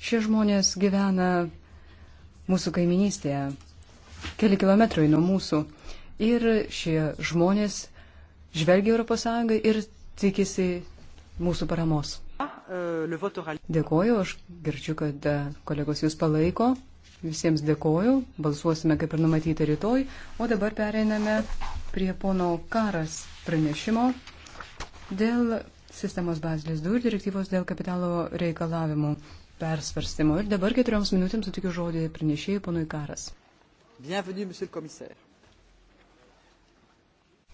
Šie žmonės gyvena mūsų kaiminystėje, keli kilometrai nuo mūsų. Ir šie žmonės žvelgia ES ir tikisi mūsų paramos. Dėkoju, aš girčiu, kad e, kolegos jūs palaiko. Visiems dėkoju, balsuosime kaip ir numatyta rytoj. O dabar pereiname prie pono Karas pranešimo dėl sistemos bazės durų direktyvos dėl kapitalo reikalavimų persvarstymo. Ir dabar keturioms minutėms sutikiu žodį pranešėjai ponui Karas.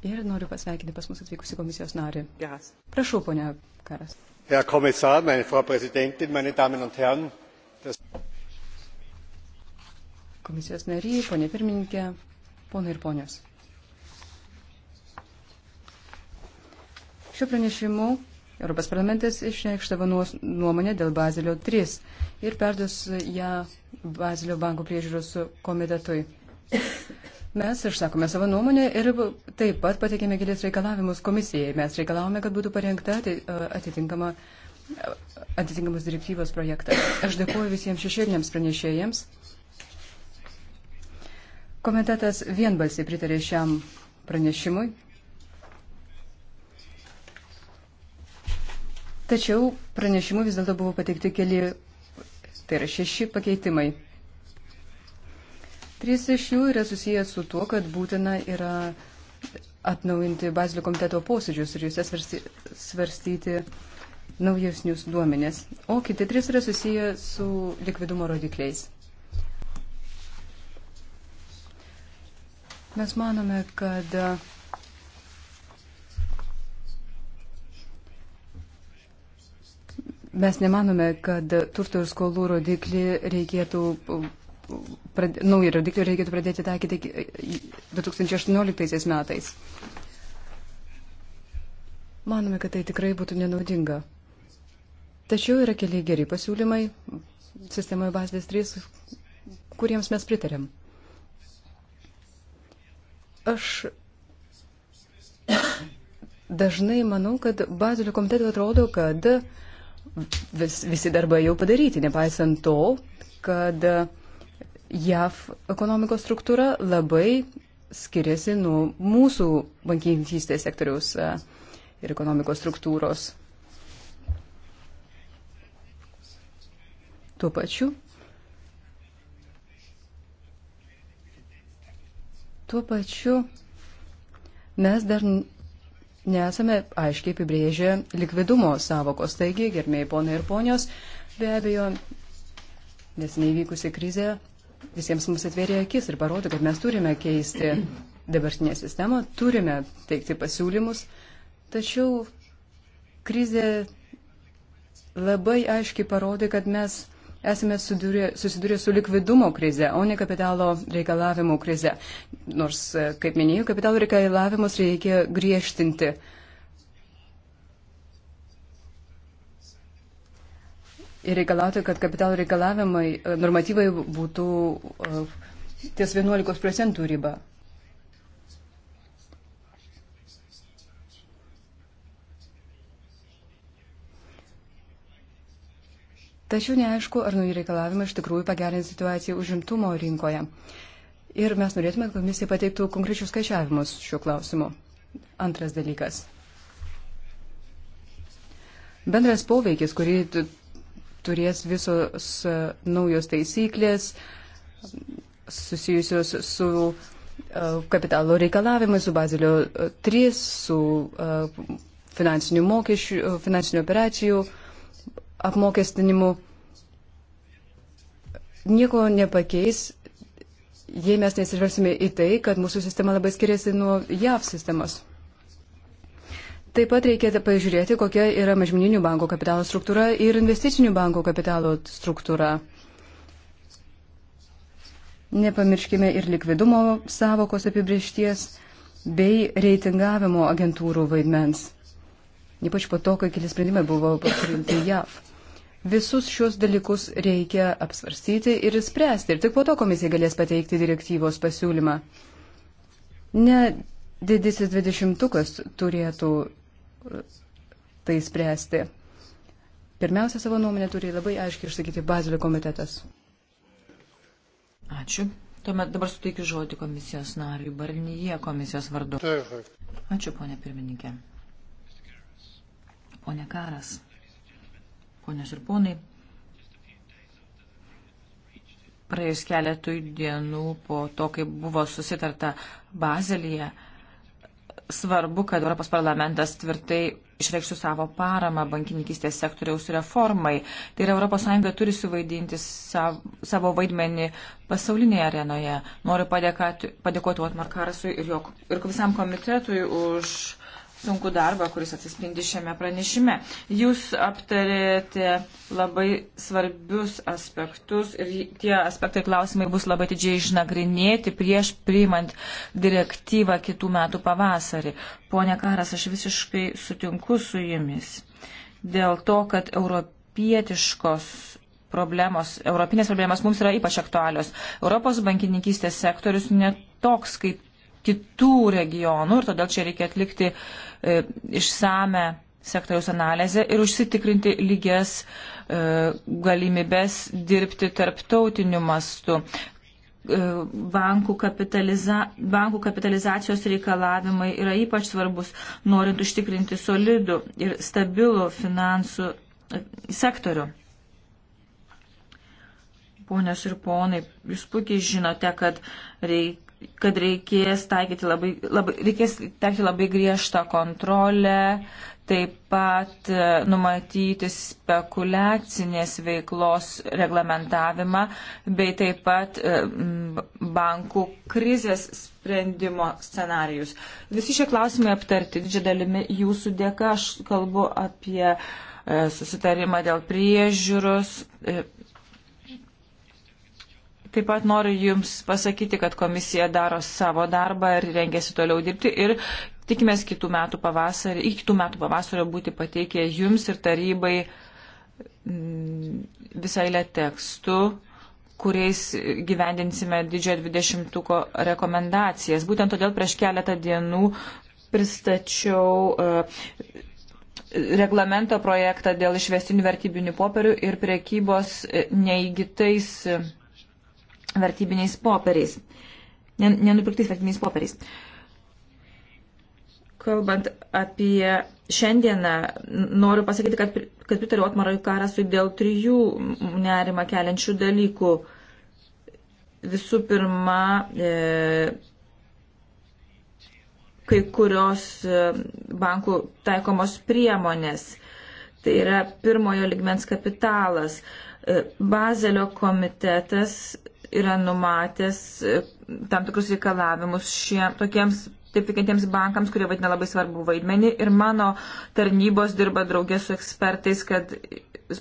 Ir noriu pasveikinti pas mus atvykusi komisijos narį. Geras. Prašau, ponia Karas. Herr Kommissar, meine Frau Präsidentin, meine Damen und Herren. Das... Komisijos nariai, ponė pirmininkė, ponai ir ponios. Šiuo pranešimu Europos parlamentas išreikš savo nuomonę dėl Bazilio 3 ir perduos ją Bazilio banko priežiūros komitetui. Mes išsakome savo nuomonę ir taip pat pateikėme gilės reikalavimus komisijai. Mes reikalavome, kad būtų parengta atitinkama, atitinkamas direktyvos projektas. Aš dėkuoju visiems šešėliniams pranešėjams. Komitetas vienbalsiai pritarė šiam pranešimui. Tačiau pranešimu vis dėlto buvo pateikti keli, tai yra šeši pakeitimai. Trys iš jų yra susijęs su tuo, kad būtina yra atnaujinti bazilių komiteto posėdžius ir juose svarsty, svarstyti naujasnius duomenės. O kiti trys yra susiję su likvidumo rodikliais. Mes manome, kad Mes nemanome, kad turto ir skolų rodiklį reikėtų, prad, naują rodiklį reikėtų pradėti taikyti 2018 metais. Manome, kad tai tikrai būtų nenaudinga. Tačiau yra keli geri pasiūlymai sistemoje bazės 3, kuriems mes pritarėm. Aš dažnai manau, kad bazilio komitetai atrodo, kad uh, vis, visi darbai jau padaryti, nepaisant to, kad JAV ekonomikos struktūra labai skiriasi nuo mūsų bankininkystės sektoriaus e, ir ekonomikos struktūros. Tuo pačiu. Tuo pačiu mes dar nesame aiškiai apibrėžę likvidumo savokos. Taigi, gerbėjai ponai ir ponios, be abejo, nesiniai vykusi krizė visiems mums atvėrė akis ir parodė, kad mes turime keisti dabartinę sistemą, turime teikti pasiūlymus, tačiau krizė labai aiškiai parodė, kad mes esame sudūrė, susidūrę su likvidumo krize, o ne kapitalo reikalavimų krize. Nors, e, kaip minėjau, kapitalo reikalavimus reikia griežtinti. Ir reikalauti, kad kapitalo reikalavimai, e, normatyvai būtų e, ties 11 procentų riba. Tačiau neaišku, ar nauji reikalavimai iš tikrųjų pagerins situaciją užimtumo rinkoje. Ir mes norėtume, kad komisija pateiktų konkrečius skaičiavimus šiuo klausimu. Antras dalykas. Bendras poveikis, kurį turės visos e, naujos taisyklės susijusios su e, kapitalo reikalavimai, su Bazilio 3, e, su finansinių mokesčių, finansinių operacijų apmokestinimu nieko nepakeis, jei mes nesižvelgsime į tai, kad mūsų sistema labai skiriasi nuo JAV sistemos. Taip pat reikėtų pažiūrėti, kokia yra mažmininių bankų kapitalo struktūra ir investicinių bankų kapitalo struktūra. Nepamirškime ir likvidumo savokos apibriešties bei reitingavimo agentūrų vaidmens. Ypač po to, kai keli sprendimai buvo pasirinkti JAV. Visus šios dalykus reikia apsvarstyti ir spręsti. Ir tik po to komisija galės pateikti direktyvos pasiūlymą. Ne didysis dvidešimtukas turėtų e, tai spręsti. Pirmiausia, savo nuomonę turi labai aiškiai išsakyti Bazilio komitetas. Ačiū. Tuomet dabar suteikiu žodį komisijos nariui Barnyje komisijos vardu. Ačiū, ponė pirmininkė. Pone Karas ponios ir ponai. Praėjus keletui dienų po to, kai buvo susitarta Bazelyje, svarbu, kad Europos parlamentas tvirtai išreikštų savo paramą bankininkystės sektoriaus reformai. Tai yra ES turi suvaidinti sav, savo vaidmenį pasaulinėje arenoje. Noriu padėkoti, padėkoti Otmar Karasui ir, jo, ir visam komitetui už sunku darbą, kuris atsispindi šiame pranešime. Jūs aptarėte labai svarbius aspektus ir tie aspektai klausimai bus labai didžiai išnagrinėti prieš priimant direktyvą kitų metų pavasarį. Pone Karas, aš visiškai sutinku su jumis dėl to, kad europietiškos problemos, europinės problemos mums yra ypač aktualios. Europos bankininkystės sektorius netoks kaip kitų regionų ir todėl čia reikia atlikti e, išsame sektoriaus analizę ir užsitikrinti lygias e, galimybės dirbti tarptautiniu mastu. E, bankų, kapitaliza, bankų kapitalizacijos reikalavimai yra ypač svarbus, norint užtikrinti solidų ir stabilų finansų e, sektorių. Ponios ir ponai, jūs puikiai žinote, kad reikia kad reikės taikyti labai, labai, reikės taikyti labai griežtą kontrolę, taip pat e, numatyti spekulacinės veiklos reglamentavimą, bei taip pat e, bankų krizės sprendimo scenarius. Visi šie klausimai aptarti, didžia dalimi jūsų dėka aš kalbu apie e, susitarimą dėl priežiūros, Taip pat noriu Jums pasakyti, kad komisija daro savo darbą ir rengiasi toliau dirbti ir tikimės kitų metų pavasarį, iki kitų metų pavasario būti pateikę Jums ir tarybai mm, visai lė tekstų, kuriais gyvendinsime didžiojo 20-ko rekomendacijas. Būtent todėl prieš keletą dienų pristačiau uh, reglamento projektą dėl išvestinių vertybinių popierių ir prekybos e, neįgytais vertybiniais popieriais, nenupirktais vertybiniais popieriais. Kalbant apie šiandieną, noriu pasakyti, kad, kad pritariu Otmarui Karasui dėl trijų nerimą keliančių dalykų. Visų pirma, e, kai kurios e, bankų taikomos priemonės. Tai yra pirmojo ligmens kapitalas. E, Bazelio komitetas yra numatęs e, tam tikrus reikalavimus šie, tokiems taip veikiantiems bankams, kurie vaidina labai svarbu vaidmenį. Ir mano tarnybos dirba draugė su ekspertais, kad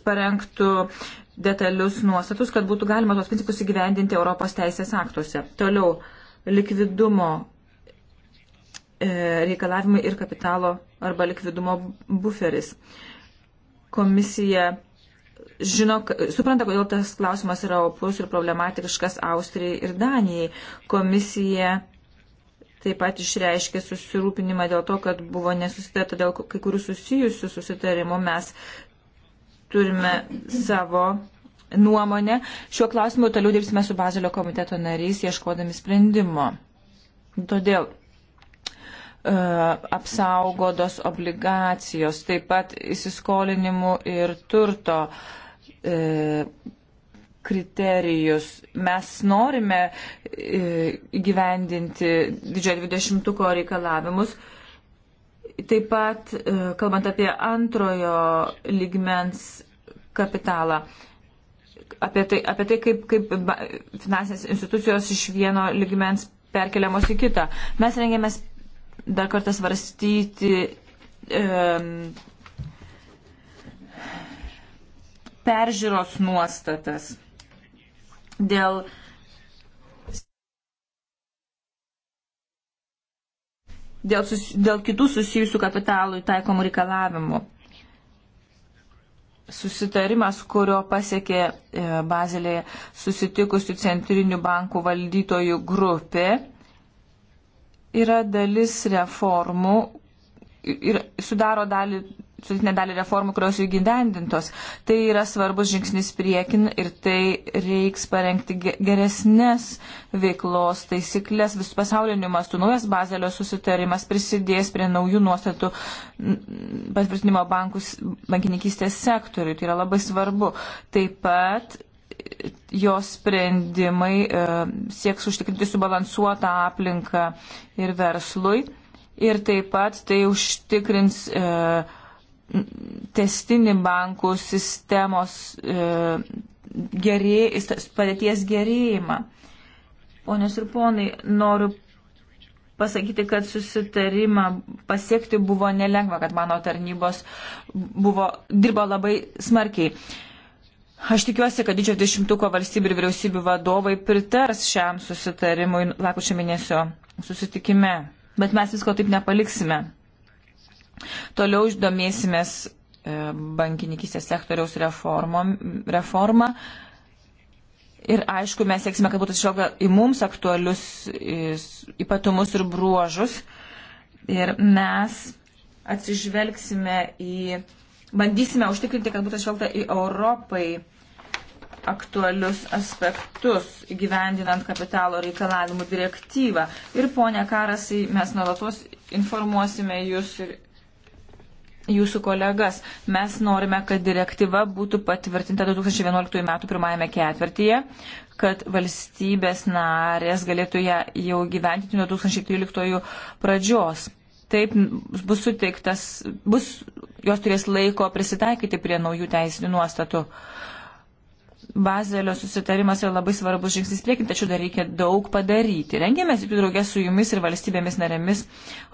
parengtų detalius nuostatus, kad būtų galima tos principus įgyvendinti Europos teisės aktuose. Toliau likvidumo e, reikalavimai ir kapitalo arba likvidumo buferis. Komisija žino, supranta, kodėl tas klausimas yra opus ir problematiškas Austrijai ir Danijai. Komisija taip pat išreiškė susirūpinimą dėl to, kad buvo nesusitarta dėl kai kurių susijusių susitarimų. Mes turime savo nuomonę. Šiuo klausimu toliau dirbsime su Bazilio komiteto nariais, ieškodami sprendimo. Todėl E, apsaugodos obligacijos, taip pat įsiskolinimų ir turto e, kriterijus. Mes norime e, gyvendinti didžiojo dvidešimtuko reikalavimus. Taip pat, kalbant apie antrojo ligmens kapitalą, apie tai, apie tai kaip, kaip finansinės institucijos iš vieno ligmens perkeliamos į kitą. Mes rengėmės dar kartą svarstyti e, peržiūros nuostatas dėl Dėl, sus, dėl kitų susijusių kapitalų taikomų reikalavimų. Susitarimas, kurio pasiekė e, Bazilėje susitikusių centrinių bankų valdytojų grupė, yra dalis reformų ir sudaro dalį sudėtinę dalį reformų, kurios jau gyvendintos. Tai yra svarbus žingsnis priekin ir tai reiks parengti geresnės veiklos taisyklės visų pasaulinių mastų. Naujas bazelio susitarimas prisidės prie naujų nuostatų patvirtinimo bankininkystės sektoriui. Tai yra labai svarbu. Taip pat jos sprendimai e, sieks užtikrinti subalansuotą aplinką ir verslui. Ir taip pat tai užtikrins e, testinį bankų sistemos e, gerė, padėties gerėjimą. Ponios ir ponai, noriu pasakyti, kad susitarimą pasiekti buvo nelengva, kad mano tarnybos buvo, dirbo labai smarkiai. E, Aš tikiuosi, kad didžiojo dešimtuko valstybių ir vyriausybių vadovai pritars šiam susitarimui lakučio mėnesio susitikime. Bet mes visko taip nepaliksime. Toliau išdomėsimės e, bankininkistės sektoriaus reformą. Ir aišku, mes sieksime, kad būtų atsižvelgta į mums aktualius ypatumus ir bruožus. Ir mes atsižvelgsime į bandysime užtikrinti, kad būtų švelgta į Europai aktualius aspektus gyvendinant kapitalo reikalavimų direktyvą. Ir ponia Karasai, mes nuolatos informuosime jūs ir jūsų kolegas. Mes norime, kad direktyva būtų patvirtinta 2011 m. pirmajame ketvirtyje, kad valstybės narės galėtų ją jau gyventi nuo 2013 pradžios. Taip bus suteiktas, bus, jos turės laiko prisitaikyti prie naujų teisinių nuostatų. Bazelio susitarimas yra labai svarbus žingsnis priekin, tačiau dar reikia daug padaryti. Rengėmės jų draugę su jumis ir valstybėmis narėmis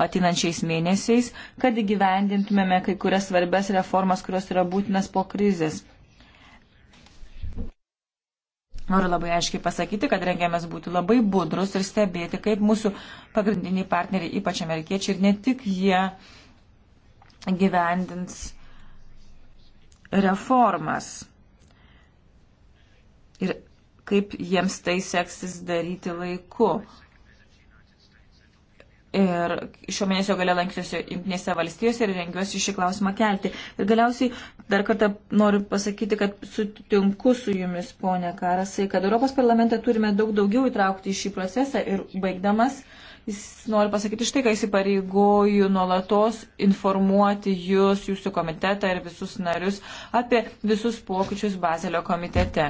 atinančiais mėnesiais, kad įgyvendintumėme kai kurias svarbes reformas, kurios yra būtinas po krizės. Noriu labai aiškiai pasakyti, kad rengiamės būti labai budrus ir stebėti, kaip mūsų pagrindiniai partneriai, ypač amerikiečiai, ir ne tik jie gyvendins reformas. Ir kaip jiems tai seksis daryti laiku. Ir šio mėnesio gale lankysiuosi Junktinėse valstijose ir rengiuosi šį klausimą kelti. Ir galiausiai Dar kartą noriu pasakyti, kad sutinku su jumis, ponė Karasai, kad Europos parlamente turime daug daugiau įtraukti į šį procesą ir baigdamas, jis nori pasakyti štai, kad įsipareigoju nuolatos informuoti jūs, jūsų komitetą ir visus narius apie visus pokyčius Bazelio komitete.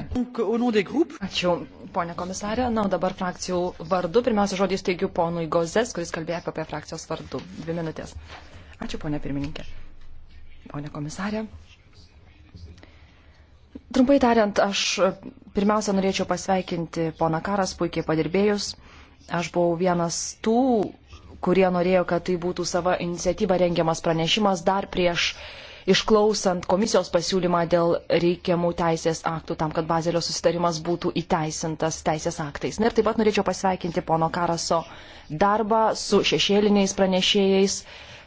Ačiū, ponė komisarė. Na, dabar frakcijų vardu. Pirmiausia, žodį steigiu ponui Gozes, kuris kalbėjo apie frakcijos vardu. Dvi minutės. Ačiū, ponė pirmininkė. Ponė komisarė. Trumpai tariant, aš e, pirmiausia norėčiau pasveikinti poną Karas puikiai padirbėjus. Aš buvau vienas tų, kurie norėjo, kad tai būtų sava iniciatyva rengiamas pranešimas dar prieš išklausant komisijos pasiūlymą dėl reikiamų teisės aktų tam, kad bazelio susitarimas būtų įteisintas teisės aktais. Na ir taip pat norėčiau pasveikinti pono Karaso darbą su šešėliniais pranešėjais.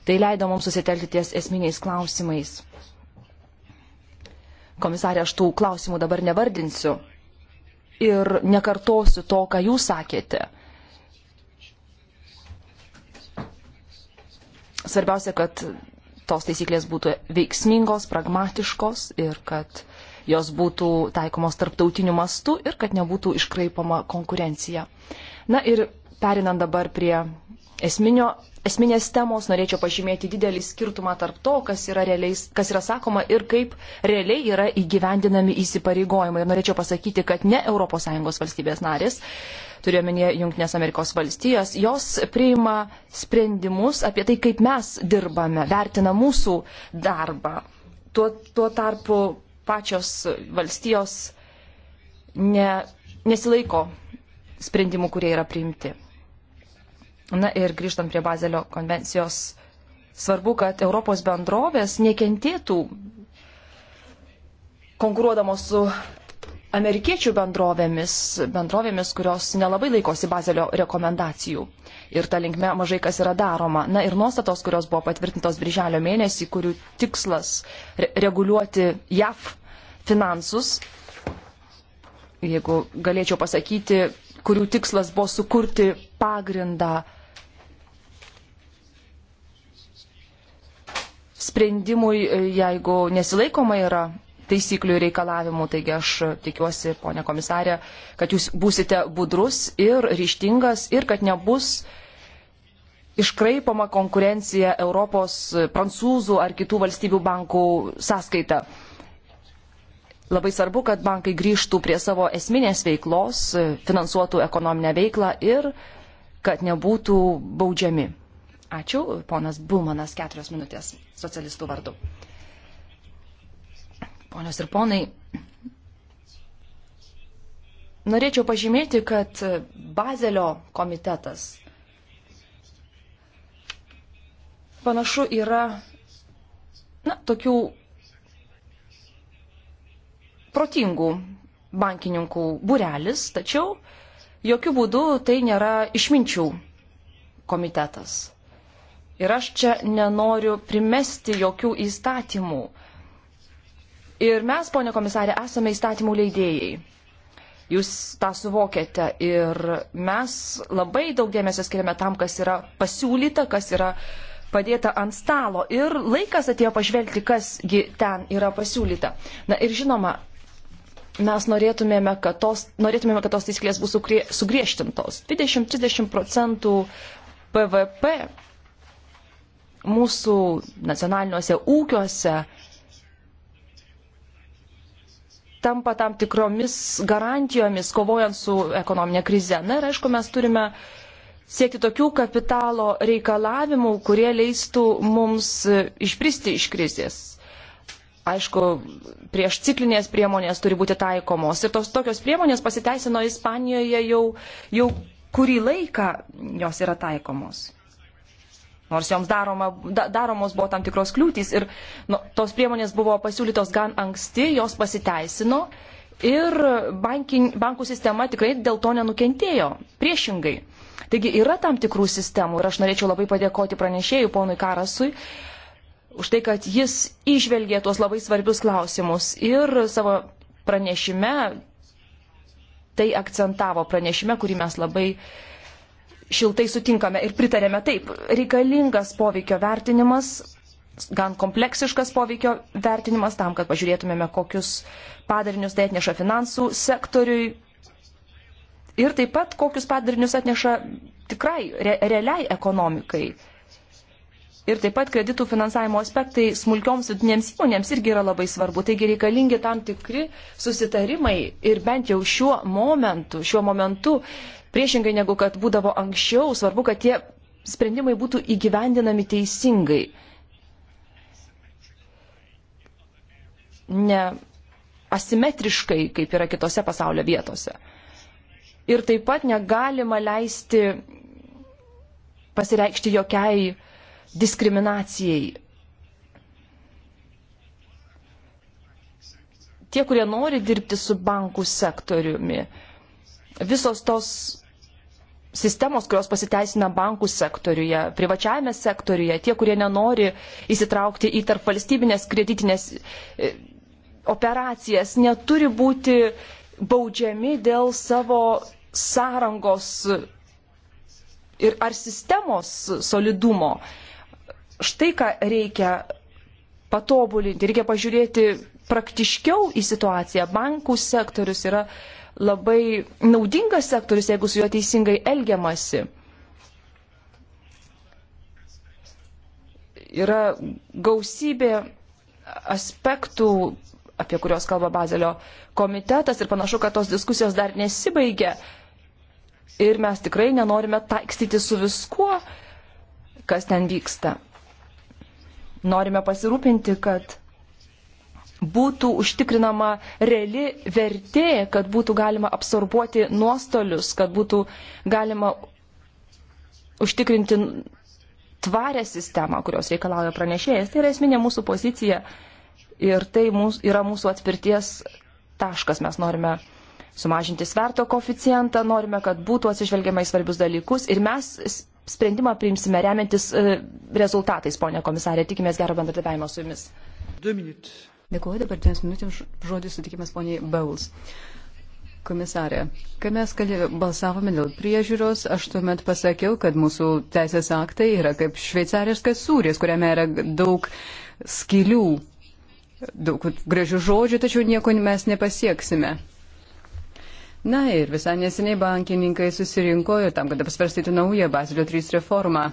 Tai leido mums susitelkti ties esminiais klausimais Komisarė, aš tų klausimų dabar nevardinsiu ir nekartosiu to, ką jūs sakėte. Svarbiausia, kad tos taisyklės būtų veiksmingos, pragmatiškos ir kad jos būtų taikomos tarptautiniu mastu ir kad nebūtų iškraipama konkurencija. Na ir perinant dabar prie esminio, esminės temos, norėčiau pažymėti didelį skirtumą tarp to, kas yra, realiais, kas yra sakoma ir kaip realiai yra įgyvendinami įsipareigojimai. Ir norėčiau pasakyti, kad ne ES valstybės narės, turiuomenė Junktinės Amerikos valstijos, jos priima sprendimus apie tai, kaip mes dirbame, vertina mūsų darbą. Tuo, tuo tarpu pačios valstijos ne, nesilaiko sprendimų, kurie yra priimti. Na ir grįžtant prie Bazelio konvencijos, svarbu, kad Europos bendrovės nekentėtų konkuruodamos su amerikiečių bendrovėmis, bendrovėmis, kurios nelabai laikosi Bazelio rekomendacijų. Ir ta linkme mažai kas yra daroma. Na ir nuostatos, kurios buvo patvirtintos birželio mėnesį, kurių tikslas re reguliuoti JAF finansus, jeigu galėčiau pasakyti, kurių tikslas buvo sukurti pagrindą sprendimui, jeigu nesilaikoma yra taisyklių ir reikalavimų. Taigi aš tikiuosi, ponė komisarė, kad jūs būsite budrus ir ryštingas ir kad nebus iškraipama konkurencija Europos, prancūzų ar kitų valstybių bankų sąskaita. Labai svarbu, kad bankai grįžtų prie savo esminės veiklos, finansuotų ekonominę veiklą ir kad nebūtų baudžiami. Ačiū, ponas Bulmanas, keturios minutės socialistų vardu. Ponios ir ponai, norėčiau pažymėti, kad Bazelio komitetas panašu yra, na, tokių protingų bankininkų burelis, tačiau jokių būdų tai nėra išminčių komitetas. Ir aš čia nenoriu primesti jokių įstatymų. Ir mes, ponė komisarė, esame įstatymų leidėjai. Jūs tą suvokiate ir mes labai daug dėmesio skiriame tam, kas yra pasiūlyta, kas yra padėta ant stalo. Ir laikas atėjo pažvelgti, kasgi ten yra pasiūlyta. Na ir žinoma, mes norėtumėme, kad tos, norėtumėme, kad tos taisyklės bus sugriežtintos. 20-30 procentų PVP mūsų nacionaliniuose ūkiuose tampa tam tikromis garantijomis, kovojant su ekonominė krize. Na ir aišku, mes turime siekti tokių kapitalo reikalavimų, kurie leistų mums išpristi iš krizės aišku, prieš ciklinės priemonės turi būti taikomos. Ir tos tokios priemonės pasiteisino Ispanijoje jau, jau kurį laiką jos yra taikomos. Nors joms daroma, da, daromos buvo tam tikros kliūtys ir nu, tos priemonės buvo pasiūlytos gan anksti, jos pasiteisino ir bankin, bankų sistema tikrai dėl to nenukentėjo. Priešingai. Taigi yra tam tikrų sistemų ir aš norėčiau labai padėkoti pranešėjui ponui Karasui už tai, kad jis išvelgė tuos labai svarbius klausimus ir savo pranešime tai akcentavo pranešime, kurį mes labai šiltai sutinkame ir pritarėme taip. Reikalingas poveikio vertinimas, gan kompleksiškas poveikio vertinimas tam, kad pažiūrėtumėme, kokius padarinius tai atneša finansų sektoriui ir taip pat kokius padarinius atneša tikrai re realiai ekonomikai. Ir taip pat kreditų finansavimo aspektai smulkioms vidinėms įmonėms irgi yra labai svarbu. Taigi reikalingi tam tikri susitarimai ir bent jau šiuo momentu, šiuo momentu, priešingai negu kad būdavo anksčiau, svarbu, kad tie sprendimai būtų įgyvendinami teisingai. Ne asimetriškai, kaip yra kitose pasaulio vietose. Ir taip pat negalima leisti pasireikšti jokiai diskriminacijai. Tie, kurie nori dirbti su bankų sektoriumi, visos tos sistemos, kurios pasiteisina bankų sektoriuje, privačiajame sektoriuje, tie, kurie nenori įsitraukti į tarp valstybinės kreditinės e, operacijas, neturi būti baudžiami dėl savo sąrangos ir ar sistemos solidumo štai ką reikia patobulinti, reikia pažiūrėti praktiškiau į situaciją. Bankų sektorius yra labai naudingas sektorius, jeigu su juo teisingai elgiamasi. Yra gausybė aspektų, apie kuriuos kalba Bazelio komitetas ir panašu, kad tos diskusijos dar nesibaigia. Ir mes tikrai nenorime taikstyti su viskuo, kas ten vyksta. Norime pasirūpinti, kad būtų užtikrinama reali vertė, kad būtų galima absorbuoti nuostolius, kad būtų galima užtikrinti tvarę sistemą, kurios reikalauja pranešėjas. Tai yra esminė mūsų pozicija ir tai mūsų, yra mūsų atspirties taškas. Mes norime sumažinti sverto koficijantą, norime, kad būtų atsižvelgiama į svarbius dalykus ir mes sprendimą priimsime remiantis e, rezultatais, ponia komisarė. Tikimės gero bendradarbiavimo su jumis. Dėkuoju, dabar dviems minutėms žodis sutikimas poniai Beuls. Komisarė, kai mes balsavome dėl priežiūros, aš tuomet pasakiau, kad mūsų teisės aktai yra kaip šveicariškas sūris, kuriame yra daug skilių, daug gražių žodžių, tačiau nieko mes nepasieksime. Na ir visai neseniai bankininkai susirinko ir tam, kad apsvarstytų naują Bazilio 3 reformą.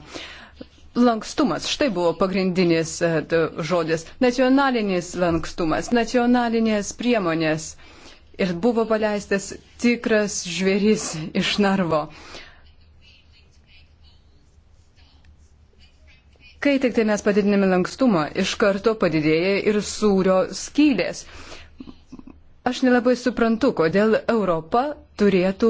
Lankstumas, štai buvo pagrindinis e, žodis. Nacionalinis lankstumas, nacionalinės priemonės. Ir buvo paleistas tikras žvėris iš narvo. Kai tik tai mes padidiname lankstumą, iš karto padidėja ir sūrio skylės. Uh, Aš nelabai suprantu, kodėl Europa turėtų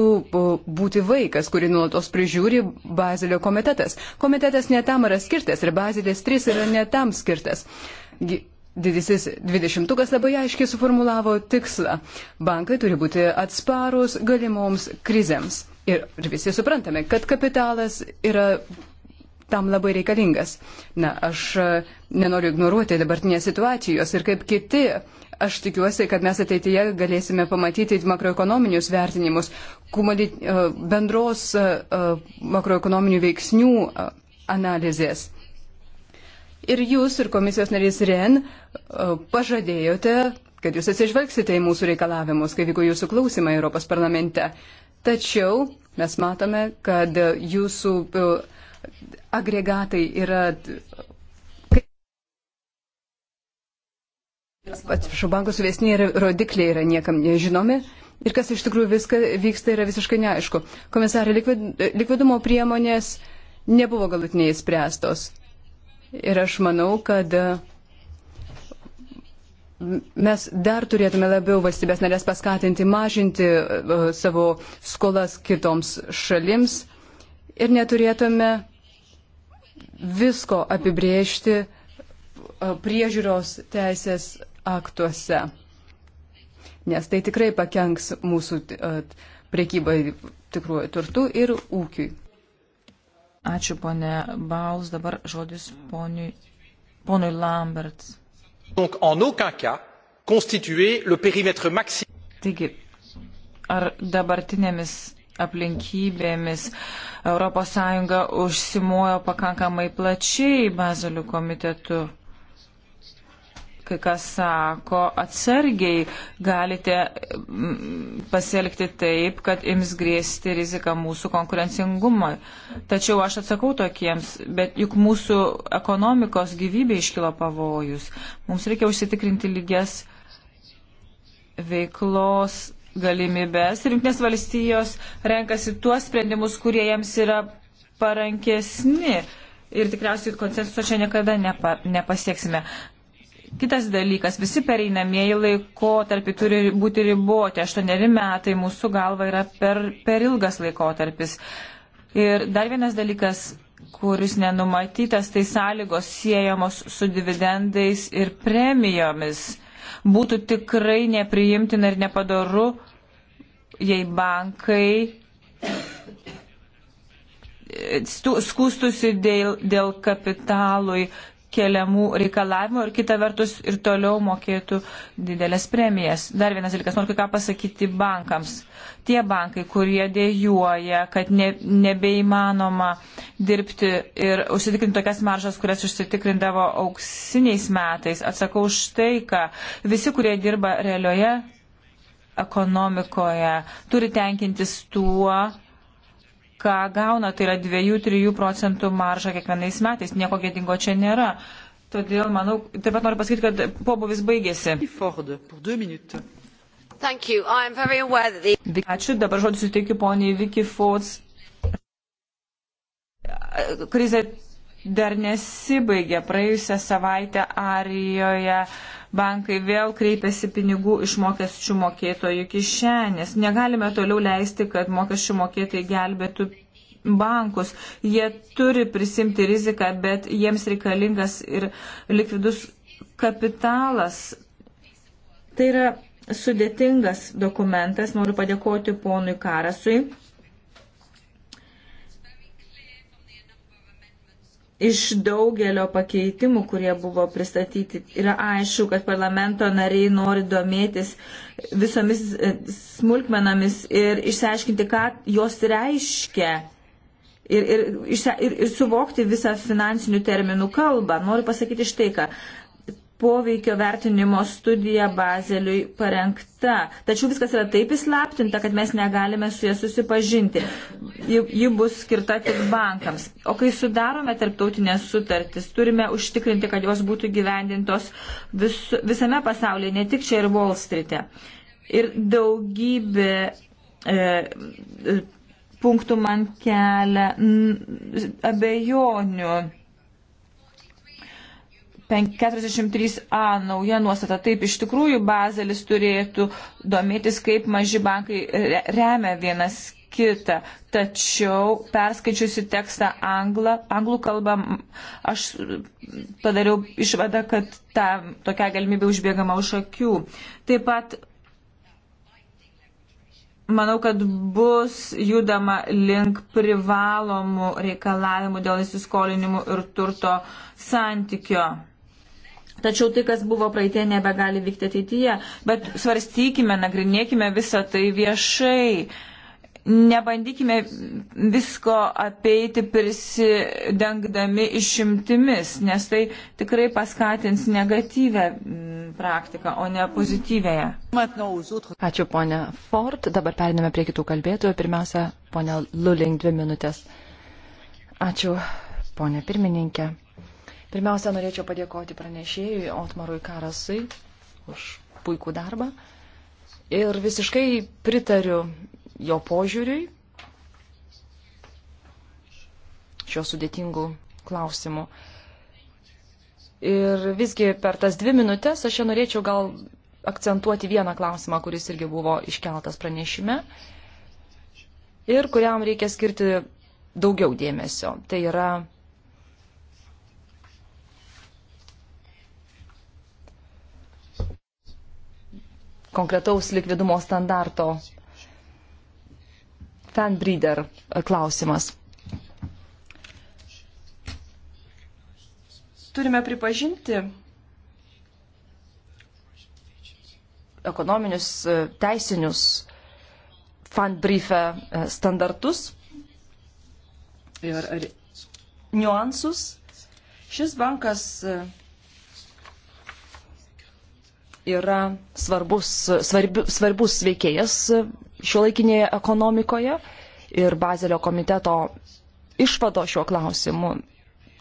būti vaikas, kurį nuolatos prižiūri Bazilio komitetas. Komitetas netam yra skirtas ir Bazilės 3 yra netam skirtas. Didysis dvidešimtukas labai aiškiai suformulavo tikslą. Bankai turi būti atsparus galimoms krizėms. Ir, ir visi suprantame, kad kapitalas yra tam labai reikalingas. Na, aš e, nenoriu ignoruoti dabartinės situacijos ir kaip kiti Aš tikiuosi, kad mes ateityje galėsime pamatyti makroekonominius vertinimus, e, bendros e, e, makroekonominių veiksnių analizės. Ir jūs ir komisijos narys Ren pažadėjote, kad jūs atsižvelgsite į mūsų reikalavimus, kai vyko jūsų klausimai Europos parlamente. Tačiau mes matome, kad jūsų agregatai yra Atsiprašau, bankų suvesniai ir rodikliai yra niekam nežinomi. Ir kas iš tikrųjų viską vyksta, yra visiškai neaišku. Komisarė, likvid, likvidumo priemonės nebuvo galutiniai spręstos. Ir aš manau, kad e, mes dar turėtume labiau valstybės narės paskatinti mažinti e, savo skolas kitoms šalims ir neturėtume visko apibriežti e, priežiūros teisės aktuose, nes tai tikrai pakenks mūsų priekybai tikruoju turtu ir ūkiui. Ačiū, ponė Baus. Dabar žodis poniui, ponui Lamberts. Donc, en aucun cas, constituer le périmètre maximal. Taigi, ar dabartinėmis aplinkybėmis ES užsimojo pakankamai plačiai bazalių komitetu kai kas sako, atsargiai galite mm, pasielgti taip, kad ims grėsti rizika mūsų konkurencingumui. Tačiau aš atsakau tokiems, bet juk mūsų ekonomikos gyvybė iškilo pavojus. Mums reikia užsitikrinti lygias veiklos galimybės. Rinktinės valstijos renkasi tuos sprendimus, kurie jiems yra parankesni ir tikriausiai konsensuso čia niekada nepa, nepasieksime. Kitas dalykas, visi pereinamieji laikotarpiai turi būti riboti. Aštuoneri metai mūsų galva yra per, per ilgas laikotarpis. Ir dar vienas dalykas, kuris nenumatytas, tai sąlygos siejamos su dividendais ir premijomis. Būtų tikrai nepriimtina ir nepadaru, jei bankai skūstusi dėl, dėl kapitalui keliamų reikalavimų ir kita vertus ir toliau mokėtų didelės premijas. Dar vienas dalykas, noriu ką pasakyti bankams. Tie bankai, kurie dėjuoja, kad ne, nebeįmanoma dirbti ir užsitikrinti tokias maržas, kurias užsitikrindavo auksiniais metais, atsakau už tai, kad visi, kurie dirba realioje ekonomikoje, turi tenkintis tuo, ką gauna, tai yra 2-3 procentų marža kiekvienais metais. Nieko gėdingo čia nėra. Todėl, manau, taip pat noriu pasakyti, kad pobuvis baigėsi. Ford, the... Ačiū, dabar žodžiu suteikiu poniai Vicky Fords. Krizė dar nesibaigė. Praėjusią savaitę Arijoje bankai vėl kreipėsi pinigų iš mokesčių mokėtojų kišenės. Negalime toliau leisti, kad mokesčių mokėtojai gelbėtų bankus. Jie turi prisimti riziką, bet jiems reikalingas ir likvidus kapitalas. Tai yra sudėtingas dokumentas. Noriu padėkoti ponui Karasui Iš daugelio pakeitimų, kurie buvo pristatyti, yra aišku, kad parlamento nariai nori domėtis visomis e, smulkmenomis ir išsiaiškinti, ką jos reiškia ir, ir, ir, ir suvokti visą finansinių terminų kalbą. Noriu pasakyti štai ką poveikio vertinimo studija Bazeliui parengta. Tačiau viskas yra taip įslaptinta, kad mes negalime su jie susipažinti. Ji, ji bus skirta tik bankams. O kai sudarome tarptautinės sutartis, turime užtikrinti, kad jos būtų gyvendintos vis, visame pasaulyje, ne tik čia ir Wall Street'e. Ir daugybė. E, e punktų man kelia abejonių 43a nauja nuostata. Taip, iš tikrųjų, Bazelis turėtų domėtis, kaip maži bankai remia vienas kitą. Tačiau, perskaičiusi tekstą anglą, anglų kalbą, aš padariau išvadą, kad ta, tokia galimybė užbėgama už akių. Taip pat manau, kad bus judama link privalomų reikalavimų dėl įsiskolinimų ir turto santykio. Tačiau tai, kas buvo praeitie, nebegali vykti ateityje. Bet svarstykime, nagrinėkime visą tai viešai. Nebandykime visko apeiti prisidengdami išimtimis, nes tai tikrai paskatins negatyvę mm, praktiką, o ne pozityvėje. Ačiū, ponia Ford. Dabar periname prie kitų kalbėtojų. Pirmiausia, ponia Luling, dvi minutės. Ačiū, ponia pirmininkė. Pirmiausia, norėčiau padėkoti pranešėjui Otmarui Karasui už puikų darbą. Ir visiškai pritariu jo požiūriui šio sudėtingų klausimų. Ir visgi per tas dvi minutės aš čia norėčiau gal akcentuoti vieną klausimą, kuris irgi buvo iškeltas pranešime ir kuriam reikia skirti daugiau dėmesio. Tai yra konkretaus likvidumo standarto. Fanbreeder klausimas. Turime pripažinti ekonominius e, teisinius fanbriefe e, standartus ir niuansus. Šis bankas e, yra svarbus, svarbi, svarbus veikėjas šiuolaikinėje ekonomikoje ir Bazelio komiteto išvado šiuo klausimu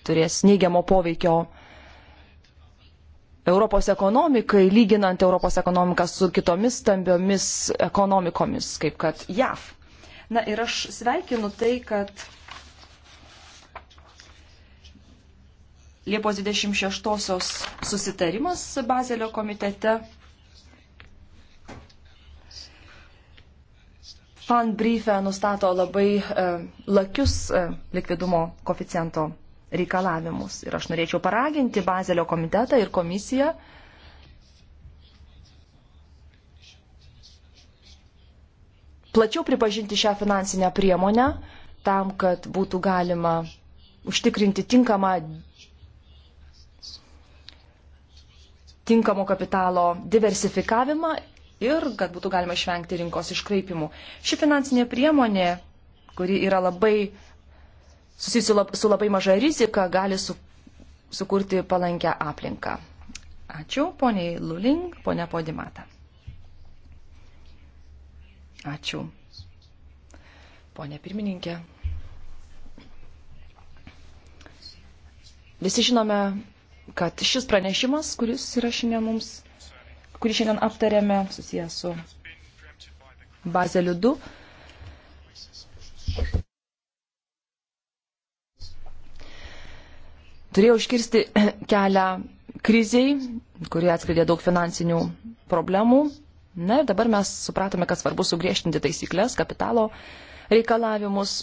turės neigiamo poveikio Europos ekonomikai, lyginant Europos ekonomiką su kitomis stambiomis ekonomikomis, kaip kad JAV. Na ir aš sveikinu tai, kad Liepos 26-osios susitarimas Bazelio komitete. Fan briefe nustato labai e, lakius e, likvidumo koficiento reikalavimus. Ir aš norėčiau paraginti Bazelio komitetą ir komisiją plačiau pripažinti šią finansinę priemonę tam, kad būtų galima užtikrinti tinkamą tinkamo kapitalo diversifikavimą ir kad būtų galima išvengti rinkos iškraipimų. Ši finansinė priemonė, kuri yra labai susijusi lab, su labai maža rizika, gali su, sukurti palankę aplinką. Ačiū, poniai Luling, ponia Podimata. Ačiū. Pone pirmininkė. Visi žinome kad šis pranešimas, kuris yra šiandien mums, kurį šiandien aptarėme, susijęs su Bazeliu 2, turėjo iškirsti kelią kriziai, kuri atskleidė daug finansinių problemų. Na ir dabar mes supratome, kad svarbu sugriežtinti taisyklės, kapitalo reikalavimus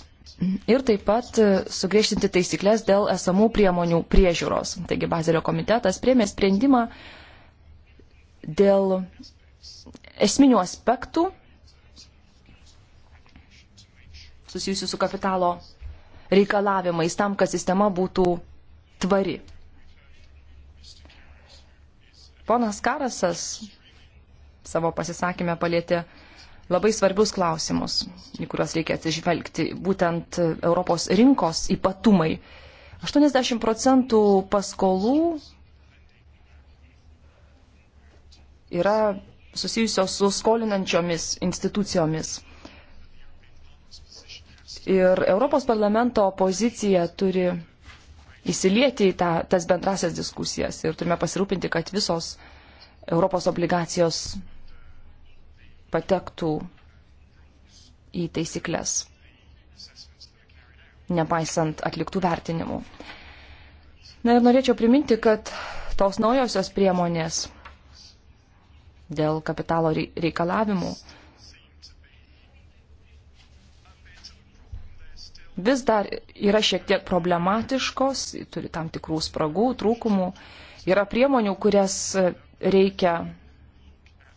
ir taip pat e, sugriežtinti taisyklės dėl esamų priemonių priežiūros. Taigi Bazelio komitetas priemė sprendimą dėl esminių aspektų susijusių su kapitalo reikalavimais tam, kad sistema būtų tvari. Ponas Karasas savo pasisakymę palėtė labai svarbius klausimus, į kuriuos reikia atsižvelgti, būtent Europos rinkos ypatumai. 80 procentų paskolų yra susijusios su skolinančiomis institucijomis. Ir Europos parlamento pozicija turi įsilieti į tą, tas bendrasias diskusijas ir turime pasirūpinti, kad visos Europos obligacijos patektų į taisyklės, nepaisant atliktų vertinimų. Na ir norėčiau priminti, kad tos naujosios priemonės dėl kapitalo reikalavimų vis dar yra šiek tiek problematiškos, turi tam tikrų spragų, trūkumų. Yra priemonių, kurias reikia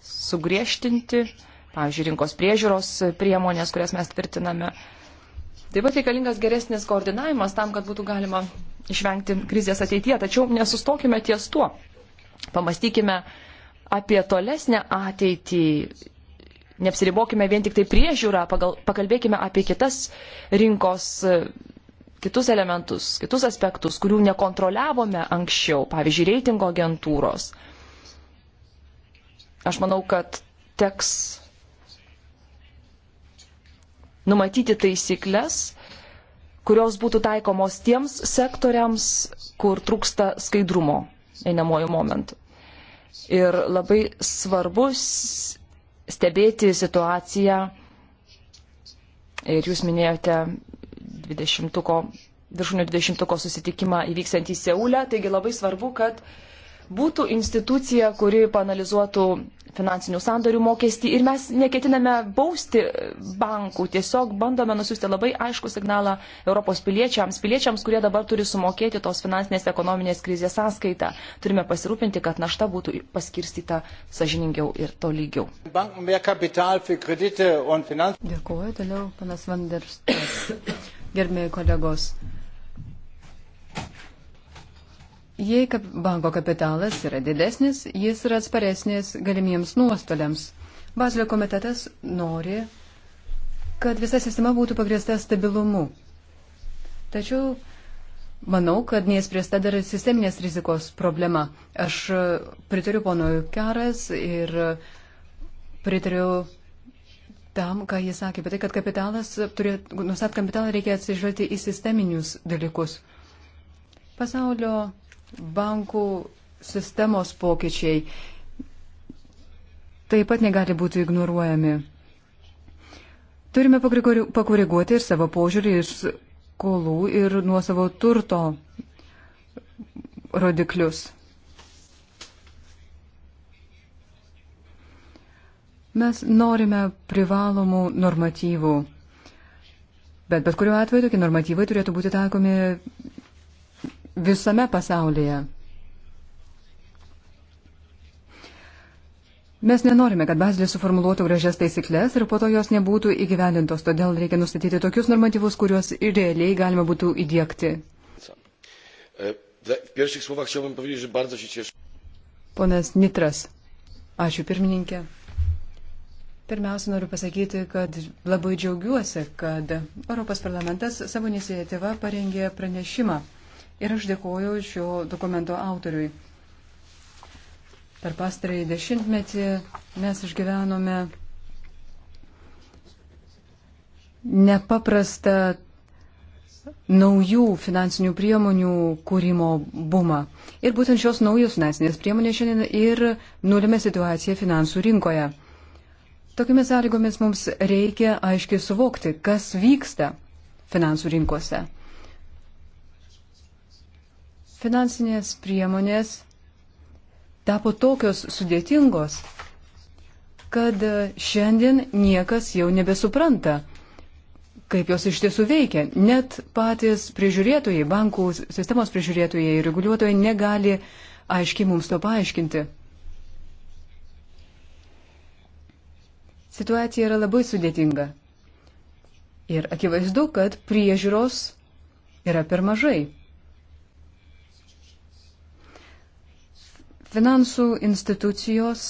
sugriežtinti, pavyzdžiui, rinkos priežiūros priemonės, kurias mes tvirtiname. Taip pat reikalingas geresnis koordinavimas tam, kad būtų galima išvengti krizės ateityje. Tačiau nesustokime ties tuo. Pamastykime apie tolesnę ateitį. Neapsiribokime vien tik tai priežiūrą, pagal, pakalbėkime apie kitas rinkos kitus elementus, kitus aspektus, kurių nekontroliavome anksčiau, pavyzdžiui, reitingo agentūros. Aš manau, kad teks numatyti taisyklės, kurios būtų taikomos tiems sektoriams, kur trūksta skaidrumo einamojų momentų. Ir labai svarbus stebėti situaciją, ir jūs minėjote 20-ko, viršūnių 20-ko susitikimą įvyksiantį Seulę, taigi labai svarbu, kad būtų institucija, kuri panalizuotų finansinių sandorių mokestį ir mes neketiname bausti bankų, tiesiog bandome nusiųsti labai aišku signalą Europos piliečiams, piliečiams, kurie dabar turi sumokėti tos finansinės ekonominės krizės sąskaitą. Turime pasirūpinti, kad našta būtų paskirstyta sažiningiau ir tolygiau. Dėkuoju, toliau panas Vanders. Gerbėjai kolegos, Jei banko kapitalas yra didesnis, jis yra atsparesnis galimiems nuostoliams. Bazilio komitetas nori, kad visa sistema būtų pagrėsta stabilumu. Tačiau manau, kad neįspręsta dar sisteminės rizikos problema. Aš e, pritariu ponui Keras ir e, pritariu tam, ką jis sakė, bet tai, kad kapitalas, nusat kapitalą reikia atsižvelgti į sisteminius dalykus. Pasaulio bankų sistemos pokyčiai taip pat negali būti ignoruojami. Turime pakoreguoti ir savo požiūrį iš skolų ir nuo savo turto rodiklius. Mes norime privalomų normatyvų, bet bet kuriuo atveju tokie normatyvai turėtų būti taikomi visame pasaulyje. Mes nenorime, kad bazilė suformuluotų gražias taisyklės ir po to jos nebūtų įgyvendintos, todėl reikia nustatyti tokius normatyvus, kuriuos realiai galima būtų įdėkti. Ponas Nitras, ačiū pirmininkė. Pirmiausia, noriu pasakyti, kad labai džiaugiuosi, kad Europos parlamentas savo iniciatyvą parengė pranešimą ir aš dėkoju šio dokumento autoriui. Per pastarąjį dešimtmetį mes išgyvenome nepaprastą naujų finansinių priemonių kūrimo bumą. Ir būtent šios naujos finansinės priemonės šiandien ir nulėmė situaciją finansų rinkoje. Tokiamis sąlygomis mums reikia aiškiai suvokti, kas vyksta finansų rinkose finansinės priemonės tapo tokios sudėtingos, kad e, šiandien niekas jau nebesupranta, kaip jos iš tiesų veikia. Net patys prižiūrėtojai, bankų sistemos prižiūrėtojai ir reguliuotojai negali aiškiai mums to paaiškinti. Situacija yra labai sudėtinga. Ir akivaizdu, kad priežiūros yra per mažai. Finansų institucijos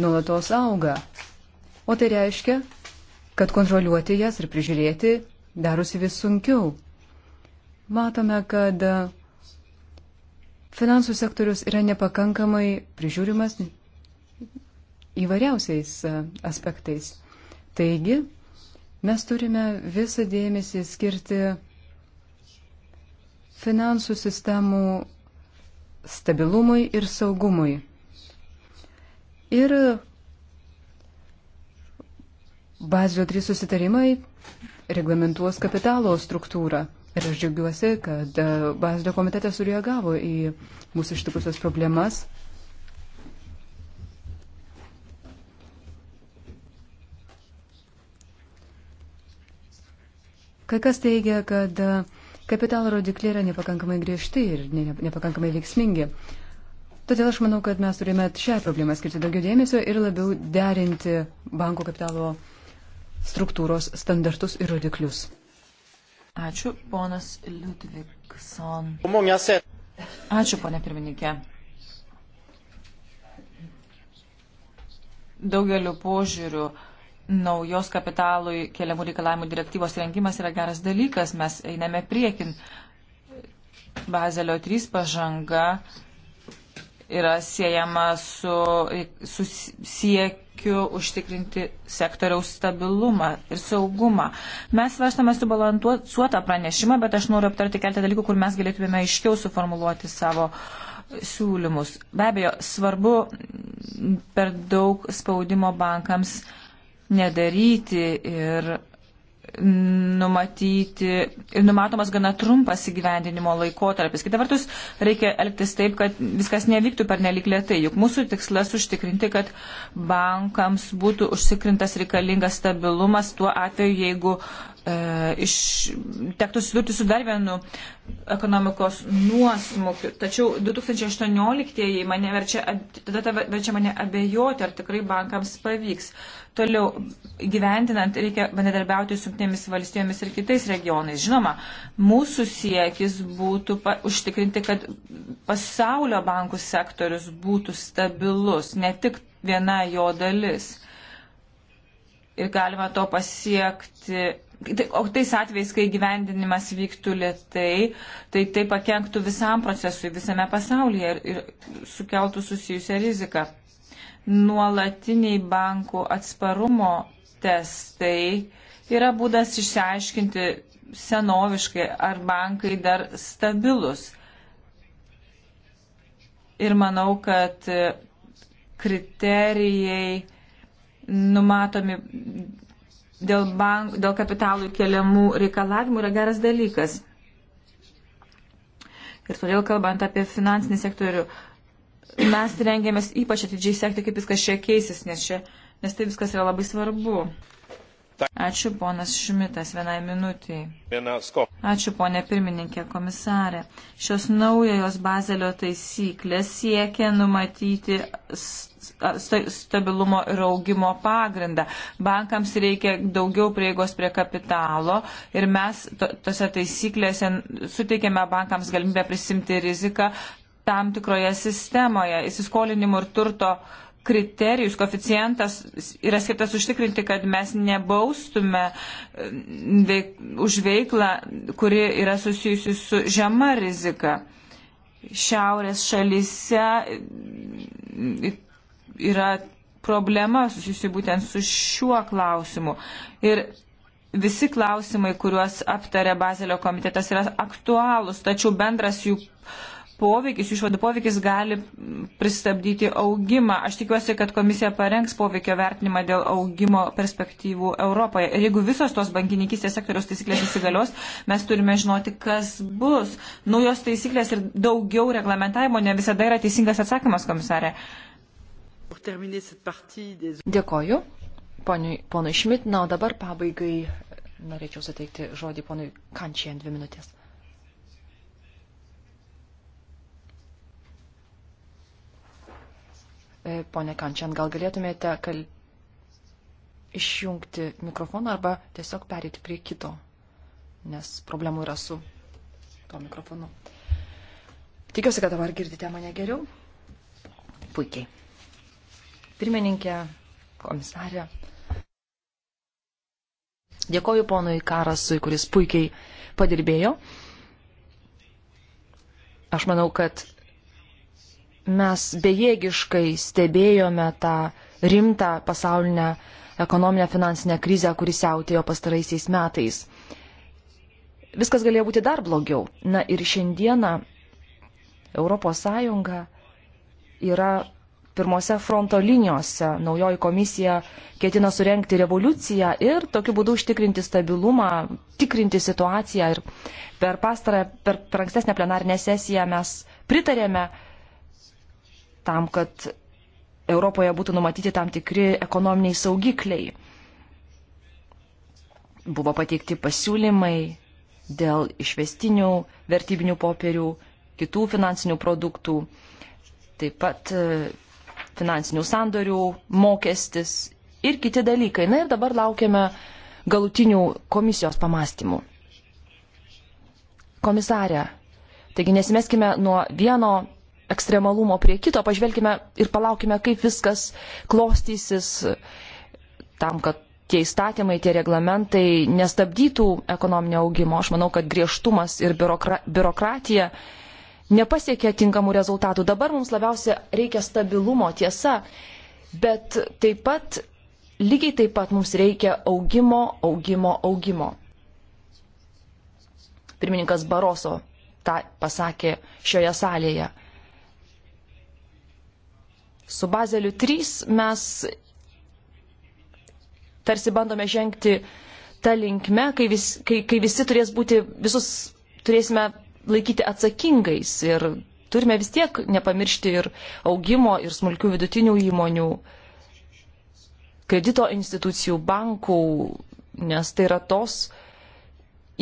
nuolatos auga, o tai reiškia, kad kontroliuoti jas ir prižiūrėti darosi vis sunkiau. Matome, kad finansų sektorius yra nepakankamai prižiūrimas įvairiausiais e, aspektais. Taigi, mes turime visą dėmesį skirti finansų sistemų stabilumui ir saugumui. Ir Bazilio 3 susitarimai reglamentuos kapitalo struktūrą. Ir aš džiaugiuosi, kad e, Bazilio komitetas sureagavo į mūsų ištikusios problemas. Kai kas teigia, kad uh, kapitalo rodikliai yra nepakankamai griežti ir nepakankamai veiksmingi. Todėl aš manau, kad mes turime šią problemą skirti daugiau dėmesio ir labiau derinti banko kapitalo struktūros standartus ir rodiklius. Ačiū, ponas Liudvikson. Ačiū, ponė pirmininkė. Daugeliu požiūrių uh, naujos kapitalui keliamų reikalavimų direktyvos rengimas yra geras dalykas, mes einame priekin. Bazelio 3 pažanga yra siejama su, su siekiu užtikrinti sektoriaus stabilumą ir saugumą. Mes svarstame subalansuotą pranešimą, bet aš noriu aptarti keletą dalykų, kur mes galėtume aiškiau suformuluoti savo siūlymus. Be abejo, svarbu per daug spaudimo bankams nedaryti ir numatyti ir numatomas gana trumpas įgyvendinimo laikotarpis. Kita vertus, reikia elgtis taip, kad viskas nevyktų per nelik lietai, juk mūsų tikslas užtikrinti, kad bankams būtų užsikrintas reikalingas stabilumas tuo atveju, jeigu e, iš, tektų susidurti su dar vienu ekonomikos nuosmukiu. Tačiau 2018-ieji mane verčia, tada verčia mane abejoti, ar tikrai bankams pavyks. Toliau, gyventinant, reikia bendradarbiauti su jungtinėmis valstybėmis ir kitais regionais. Žinoma, mūsų siekis būtų pa, užtikrinti, kad pasaulio bankų sektorius būtų stabilus, ne tik viena jo dalis. Ir galima to pasiekti. Tai- o tais atvejais, kai gyvendinimas vyktų lietai, tai tai pakenktų visam procesui visame pasaulyje ir, ir sukeltų susijusią riziką nuolatiniai bankų atsparumo testai yra būdas išsiaiškinti senoviškai, ar bankai dar stabilus. Ir manau, kad kriterijai numatomi dėl, bank, dėl kapitalų keliamų reikalavimų yra geras dalykas. Ir todėl, kalbant apie finansinį sektorių, mes rengiamės ypač atidžiai sekti, kaip viskas čia keisis, nes, čia, nes tai viskas yra labai svarbu. Ačiū ponas Šmitas vienai minutiai. Ačiū ponė pirmininkė komisarė. Šios naujojos bazelio taisyklės siekia numatyti stabilumo ir augimo pagrindą. Bankams reikia daugiau prieigos prie kapitalo ir mes tose taisyklėse suteikėme bankams galimybę prisimti riziką, tam tikroje sistemoje. Įsiskolinimų ir turto kriterijus, koficijantas yra skirtas užtikrinti, kad mes nebaustume e, veik, už veiklą, kuri yra susijusi su žema rizika. Šiaurės šalyse e, yra problema susijusi būtent su šiuo klausimu. Ir visi klausimai, kuriuos aptarė Bazelio komitetas, yra aktualūs, tačiau bendras jų poveikis, išvadų poveikis gali pristabdyti augimą. Aš tikiuosi, kad komisija parengs poveikio vertinimą dėl augimo perspektyvų Europoje. Ir jeigu visos tos bankininkistės sektoriaus taisyklės įsigalios, mes turime žinoti, kas bus. Naujos taisyklės ir daugiau reglamentavimo ne visada yra teisingas atsakymas, komisarė. Dėkoju, ponui Šmit. Na, o dabar pabaigai norėčiau suteikti žodį ponui Kančiai ant dvi minutės. E, pone Kančian, gal galėtumėte kal... išjungti mikrofoną arba tiesiog perėti prie kito, nes problemų yra su tuo mikrofonu. Tikiuosi, kad dabar girdite mane geriau. Puikiai. Pirmininkė, komisarė. Dėkoju ponui Karasui, kuris puikiai padirbėjo. Aš manau, kad mes bejėgiškai stebėjome tą rimtą pasaulinę ekonominę finansinę krizę, kuris siautėjo pastaraisiais metais. Viskas galėjo būti dar blogiau. Na ir šiandieną ES yra pirmose fronto linijose. Naujoji komisija ketina surenkti revoliuciją ir tokiu būdu užtikrinti stabilumą, tikrinti situaciją. Ir per pastarą, per ankstesnę plenarinę sesiją mes pritarėme uh, tam, kad Europoje būtų numatyti tam tikri ekonominiai saugikliai. Buvo pateikti pasiūlymai dėl išvestinių vertybinių popierių, kitų finansinių produktų, taip pat e, finansinių sandorių mokestis ir kiti dalykai. Na ir dabar laukiame galutinių komisijos pamastymų. Komisarė, taigi nesimeskime nuo vieno ekstremalumo prie kito, pažvelkime ir palaukime, kaip viskas klostysis tam, kad tie įstatymai, tie reglamentai nestabdytų ekonominio augimo. Aš manau, kad griežtumas ir biurokra biurokratija nepasiekė tinkamų rezultatų. Dabar mums labiausia reikia stabilumo, tiesa, bet taip pat, lygiai taip pat mums reikia augimo, augimo, augimo. Pirmininkas Baroso tą pasakė šioje salėje. Su Bazeliu 3 mes tarsi bandome žengti tą linkmę, kai, vis, kai, kai visi turės būti, visus turėsime laikyti atsakingais ir turime vis tiek nepamiršti ir augimo, ir smulkių vidutinių įmonių, kredito institucijų, bankų, nes tai yra tos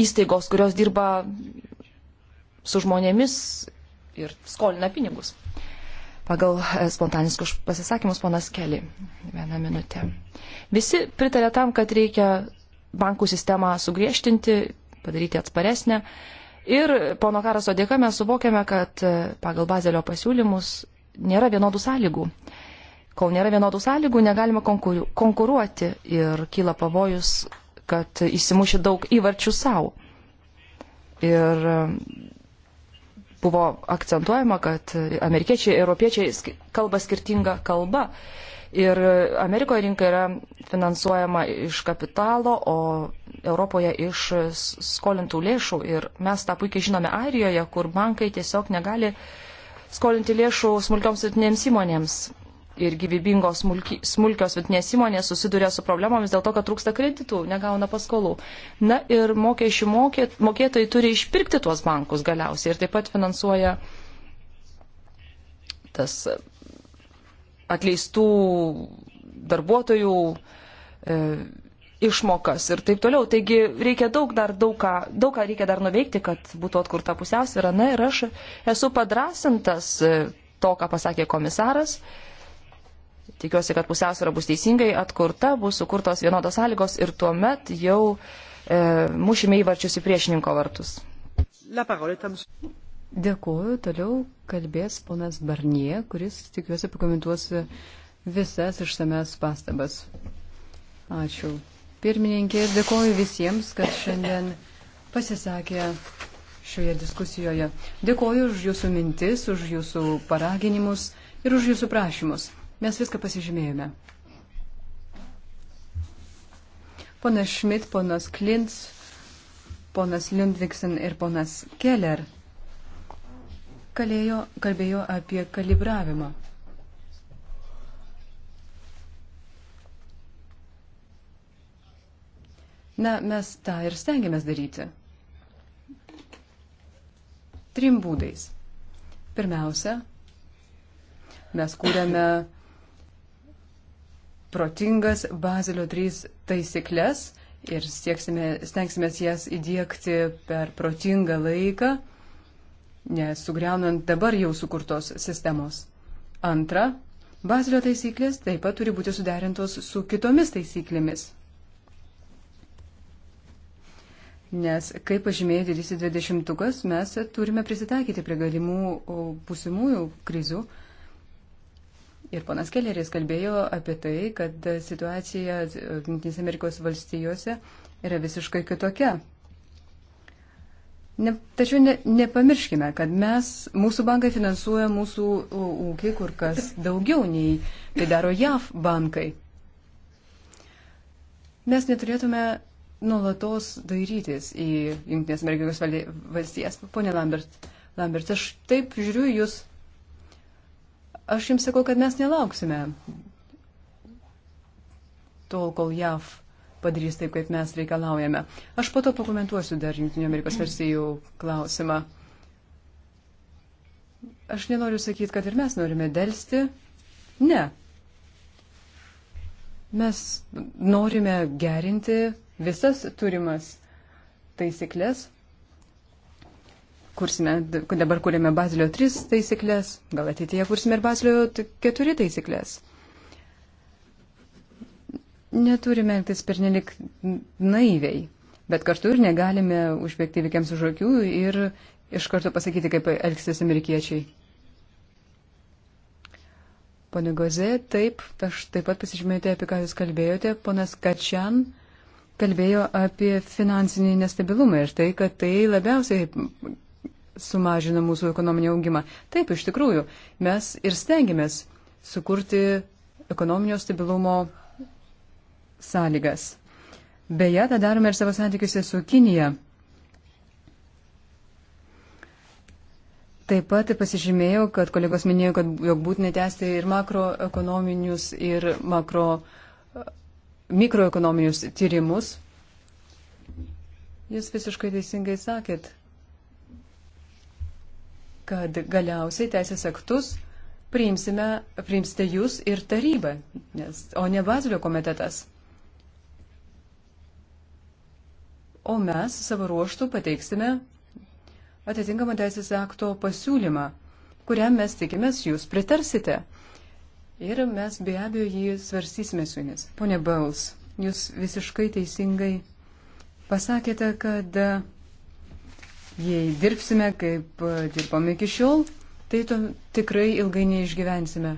įstaigos, kurios dirba su žmonėmis ir skolina pinigus pagal e, spontaniškus pasisakymus ponas Keli. Vieną minutę. Visi pritarė tam, kad reikia bankų sistemą sugriežtinti, padaryti atsparesnę. Ir pono Karaso dėka mes suvokėme, kad e, pagal bazelio pasiūlymus nėra vienodų sąlygų. Kol nėra vienodų sąlygų, negalima konkuru konkuruoti ir kyla pavojus, kad įsimuši daug įvarčių savo. Ir buvo akcentuojama, kad amerikiečiai, europiečiai kalba skirtingą kalbą. Ir Amerikoje rinka yra finansuojama iš kapitalo, o Europoje iš skolintų lėšų. Ir mes tą puikiai žinome Airijoje, kur bankai tiesiog negali skolinti lėšų smulkioms ir tinėms įmonėms ir gyvybingos smulki, smulkios vidinės įmonės susiduria su problemomis dėl to, kad trūksta kreditų, negauna paskolų. Na ir mokesčių mokėt, mokėtojai turi išpirkti tuos bankus galiausiai ir taip pat finansuoja tas atleistų darbuotojų e, išmokas ir taip toliau. Taigi reikia daug dar, daug ką, daug ką reikia dar nuveikti, kad būtų atkurta pusiausvyrą. Na ir aš esu padrasintas e, to, ką pasakė komisaras. E, tikiuosi, kad pusiausvėra bus teisingai atkurta, bus sukurtos vienodos sąlygos ir tuo met jau e, mušime įvarčius į priešininko vartus. Dėkuoju, toliau kalbės ponas Barnie, kuris tikiuosi pakomentuos visas išsames pastabas. Ačiū. Pirmininkė, dėkuoju visiems, kad šiandien pasisakė šioje diskusijoje. Dėkuoju už jūsų mintis, už jūsų paraginimus ir už jūsų prašymus. Mes viską pasižymėjome. Ponas Šmit, ponas Klins, ponas Lundviksen ir ponas Keller kalėjo, kalbėjo apie kalibravimą. Na, mes tą ir stengiamės daryti. Trim būdais. Pirmiausia, mes kūrėme protingas Bazilio 3 taisyklės ir stengsime jas įdėkti per protingą laiką, nesugriaunant dabar jau sukurtos sistemos. Antra, Bazilio taisyklės taip pat turi būti suderintos su kitomis taisyklėmis. Nes, kaip pažymėjo didysis dvidešimtukas, mes turime prisitaikyti prie galimų būsimųjų krizių Ir ponas Kelleris kalbėjo apie tai, kad situacija e, Junktinėse Amerikos valstijose yra visiškai kitokia. Ne, tačiau ne, nepamirškime, kad mes, mūsų bankai finansuoja mūsų ūkį kur kas daugiau nei tai daro JAV bankai. Mes neturėtume nuolatos dairytis į Junktinės Amerikos valstijas. Pone Lambert, Lambert, aš taip žiūriu jūs Aš jums sakau, kad mes nelauksime tol, kol JAV padarys taip, kaip mes reikalaujame. Aš po to pakomentuosiu dar Junktinių Amerikos valstijų klausimą. Aš nenoriu sakyti, kad ir mes norime dėlsti. Ne. Mes norime gerinti visas turimas taisyklės kursime, dabar kūrėme Bazilio 3 taisyklės, gal ateityje kursime ir Bazilio 4 taisyklės. Neturime elgtis pernelik naiviai, bet kartu ir negalime užbėgti vykiams už akių ir iš karto pasakyti, kaip elgsis amerikiečiai. Pone Goze, taip, aš taip pat pasižymėjote, apie ką jūs kalbėjote. Ponas Kačian kalbėjo apie finansinį nestabilumą ir tai, kad tai labiausiai sumažina mūsų ekonominį augimą. Taip, iš tikrųjų, mes ir stengiamės sukurti ekonominio stabilumo sąlygas. Beje, tą darome ir savo santykiuose su Kinija. Taip pat pasižymėjau, kad kolegos minėjo, kad jog būtina tęsti ir makroekonominius, ir makro, mikroekonominius tyrimus. Jūs visiškai teisingai sakėt, kad galiausiai teisės aktus priimsime, priimsite jūs ir taryba, nes, o ne Bazilio komitetas. O mes savo ruoštų pateiksime atitinkamą teisės akto pasiūlymą, kuriam mes tikimės jūs pritarsite. Ir mes be abejo jį svarstysime su jumis. Pone Baus, jūs visiškai teisingai pasakėte, kad Jei dirbsime, kaip e, dirbome iki šiol, tai to tikrai ilgai neišgyvensime.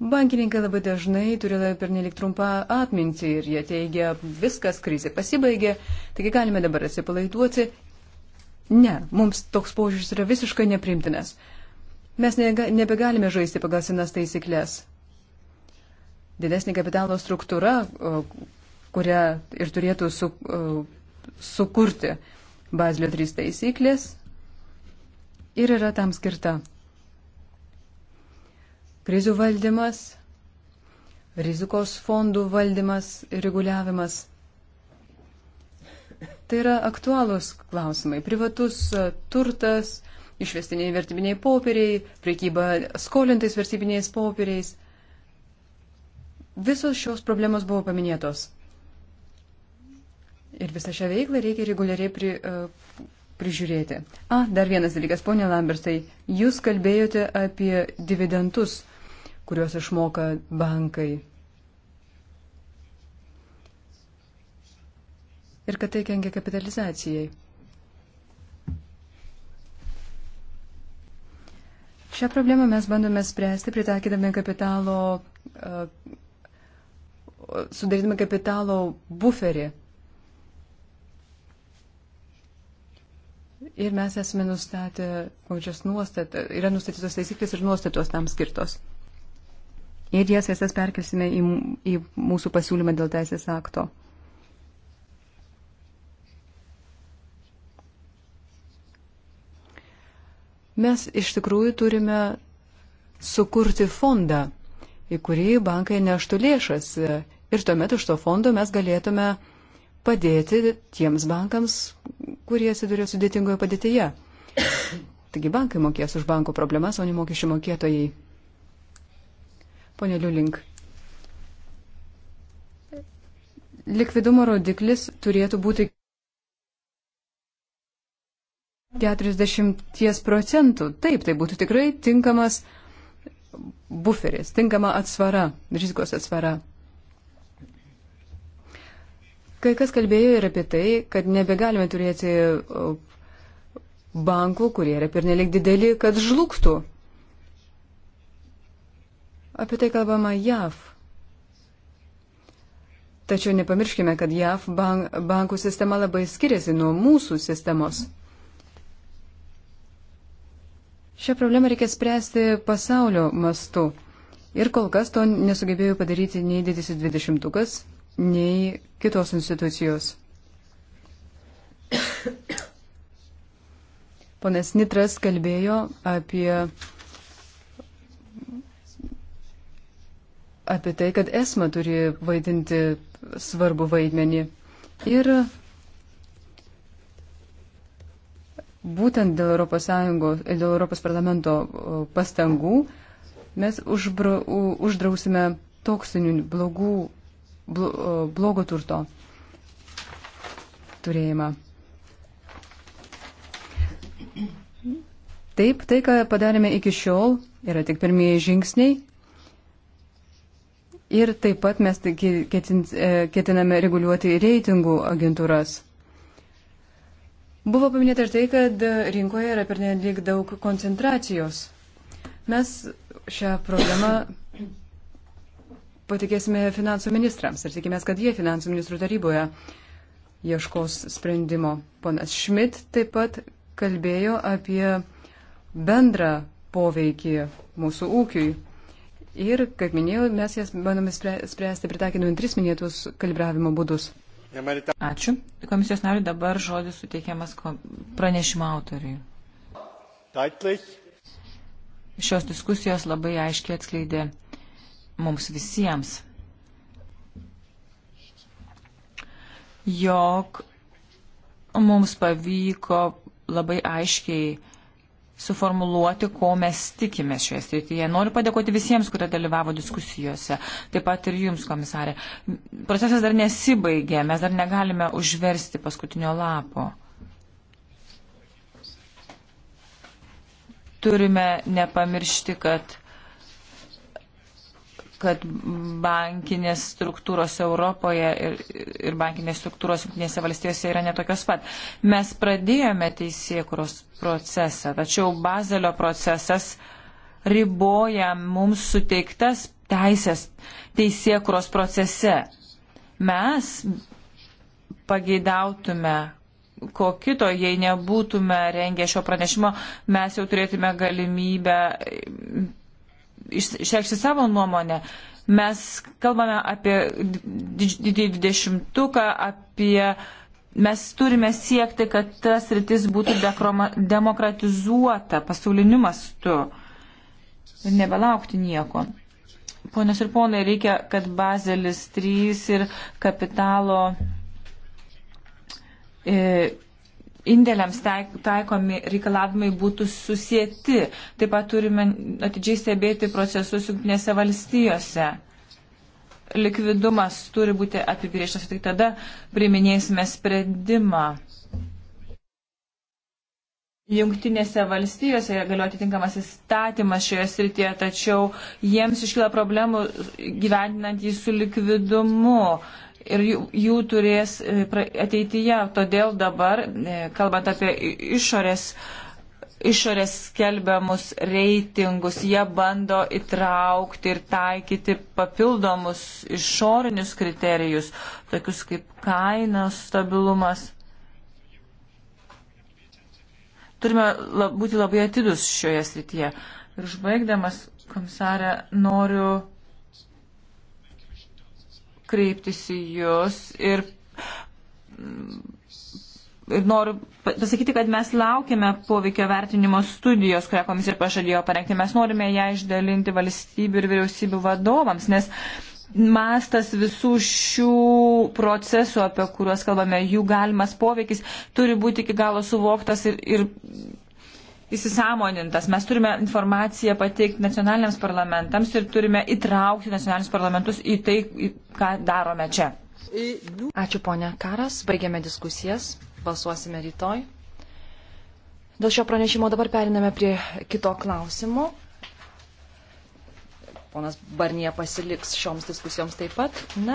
Bankininkai labai dažnai turi pernelik trumpą atmintį ir jie teigia, viskas krizė pasibaigė, taigi galime dabar atsipalaiduoti. Ne, mums toks požiūris yra visiškai neprimtinas. Mes nebegalime žaisti pagal senas taisyklės. Didesnė kapitalo struktūra, kurią ir turėtų su, sukurti. Bazlio 3 taisyklės ir yra tam skirta. Krizių valdymas, rizikos fondų valdymas ir reguliavimas. Tai yra aktualūs klausimai. Privatus turtas, išvestiniai vertybiniai popieriai, priekyba skolintais vertybiniais popieriais. Visos šios problemos buvo paminėtos. Ir visą šią veiklą reikia reguliariai pri, e, prižiūrėti. A, dar vienas dalykas, ponė Lambertai, jūs kalbėjote apie dividendus, kuriuos išmoka bankai. Ir kad tai kenkia kapitalizacijai. Šią problemą mes bandome spręsti, pritaikydami kapitalo, e, sudarydami kapitalo buferį Ir mes esame nustatę konkrečias nuostatas, yra nustatytos taisyklės ir nuostatos tam skirtos. Ir jas esas perkelsime į, į mūsų pasiūlymą dėl teisės akto. Mes iš tikrųjų turime sukurti fondą, į kurį bankai neštų lėšas. Ir tuomet iš to fondo mes galėtume uh, padėti tiems bankams, kurie atsiduria sudėtingoje padėtyje. Taigi bankai mokės už bankų problemas, o ne mokesčių mokėtojai. Pone Liulink. Likvidumo rodiklis turėtų būti 40 procentų. Taip, tai būtų tikrai tinkamas buferis, tinkama atsvara, rizikos atsvara. Kai kas kalbėjo ir apie tai, kad nebegalime turėti uh, bankų, kurie yra pernelik dideli, kad žlugtų. Apie tai kalbama JAV. Tačiau nepamirškime, kad JAV bank, bankų sistema labai skiriasi nuo mūsų sistemos. Šią problemą reikia spręsti pasaulio mastu. Ir kol kas to nesugebėjo padaryti nei didysis dvidešimtukas, nei kitos institucijos. Ponas Nitras kalbėjo apie, apie tai, kad esma turi vaidinti svarbu vaidmenį. Ir būtent dėl Europos, Sąjungos, dėl Europos parlamento pastangų mes užbra, uždrausime toksinių blogų E, blogo turto turėjimą. Taip, tai, ką padarėme iki šiol, yra tik pirmieji žingsniai. Ir taip pat mes tai e, ketiname reguliuoti reitingų agentūras. Buvo paminėta ir tai, kad rinkoje yra pernelyg daug koncentracijos. Mes šią problemą patikėsime finansų ministrams ir tikimės, kad jie finansų ministrų taryboje ieškos sprendimo. Ponas Šmit taip pat kalbėjo apie bendrą poveikį mūsų ūkiui. Ir, kaip minėjau, mes jas bandome spręsti pritaikydami tris minėtus kalibravimo būdus. Ačiū. Komisijos nariui dabar žodis suteikiamas pranešimo autoriui. Šios diskusijos labai aiškiai atskleidė mums visiems, jog mums pavyko labai aiškiai suformuluoti, ko mes tikime šioje srityje. Noriu padėkoti visiems, kurie dalyvavo diskusijose, taip pat ir jums, komisarė. Procesas dar nesibaigė, mes dar negalime užversti paskutinio lapo. Turime nepamiršti, kad kad bankinės struktūros Europoje ir, ir bankinės struktūros Junktinėse valstijose yra netokios pat. Mes pradėjome teisėkuros procesą, tačiau Bazelio procesas riboja mums suteiktas teisės teisėkuros procese. Mes pageidautume, ko kito, jei nebūtume rengę šio pranešimo, mes jau turėtume galimybę išreikšti savo nuomonę. Mes kalbame apie didįjį dvidešimtuką, apie mes turime siekti, kad tas rytis būtų demokratizuota pasauliniu mastu ir nebelaukti nieko. Ponios ir ponai, reikia, kad Bazelis 3 ir kapitalo. E, indėliams tai, taikomi reikalavimai būtų susijęti. Taip pat turime atidžiai stebėti procesus jungtinėse valstijose. Likvidumas turi būti apibrieštas, tik tada priminėsime sprendimą. Jungtinėse valstijose galiu atitinkamas įstatymas šioje srityje, tačiau jiems iškyla problemų gyvendinant jį su likvidumu. Uh, ir jų, jų turės e, ateityje. Todėl dabar, e, kalbant apie išorės, išorės skelbiamus reitingus, jie bando įtraukti ir taikyti papildomus išorinius kriterijus, tokius kaip kainos stabilumas. Turime la, būti labai atidus šioje srityje. Ir užbaigdamas, komisarė, noriu kreiptis į Jūs ir, ir noriu pasakyti, kad mes laukiame poveikio vertinimo studijos, kurią komisija pažadėjo parengti. Mes norime ją išdalinti valstybių ir vyriausybių vadovams, nes mastas visų šių procesų, apie kuriuos kalbame, jų galimas poveikis turi būti iki galo suvoktas ir, ir įsisamonintas. Mes turime informaciją pateikti nacionaliniams parlamentams ir turime įtraukti nacionalinius parlamentus į tai, į ką darome čia. Ačiū ponia Karas, baigiame diskusijas, balsuosime rytoj. Dėl šio pranešimo dabar periname prie kito klausimo. Ponas Barnie pasiliks šioms diskusijoms taip pat. Na.